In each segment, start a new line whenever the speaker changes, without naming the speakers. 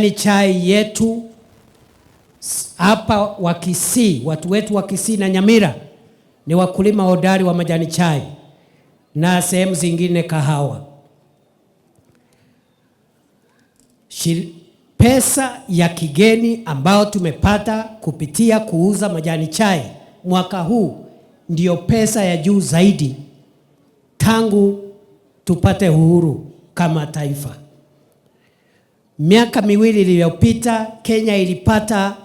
Ni chai yetu hapa Wakisii, watu wetu wa Kisii na Nyamira ni wakulima hodari wa majani chai na sehemu zingine kahawa. Shil pesa ya kigeni ambayo tumepata kupitia kuuza majani chai mwaka huu ndiyo pesa ya juu zaidi tangu tupate uhuru kama taifa. Miaka miwili iliyopita Kenya ilipata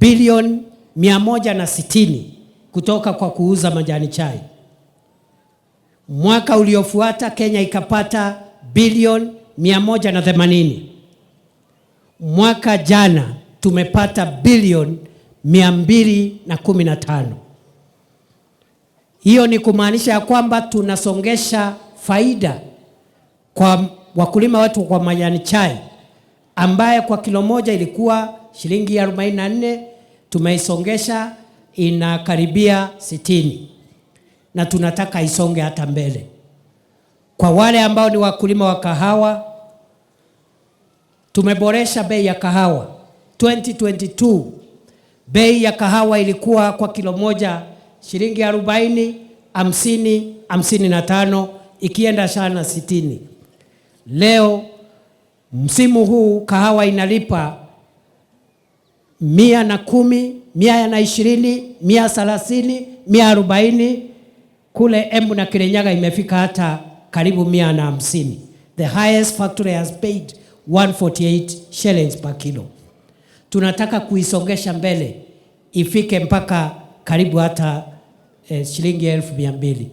bilioni mia moja na sitini kutoka kwa kuuza majani chai. Mwaka uliofuata Kenya ikapata bilioni mia moja na themanini. Mwaka jana tumepata bilioni mia mbili na kumi na tano. Hiyo ni kumaanisha ya kwamba tunasongesha faida kwa wakulima wetu kwa majani chai ambaye kwa kilo moja ilikuwa shilingi 44 tumeisongesha inakaribia sitini na tunataka isonge hata mbele. Kwa wale ambao ni wakulima wa kahawa, tumeboresha bei ya kahawa. 2022 bei ya kahawa ilikuwa kwa kilo moja shilingi 40, na tano ikienda sana sitini. Leo Msimu huu kahawa inalipa mia na kumi, mia na ishirini, mia thelathini, mia arobaini. Kule Embu na Kirinyaga imefika hata karibu mia na hamsini. The highest factory has paid 148 shillings per kilo. Tunataka kuisongesha mbele ifike mpaka karibu hata eh, shilingi elfu mia mbili.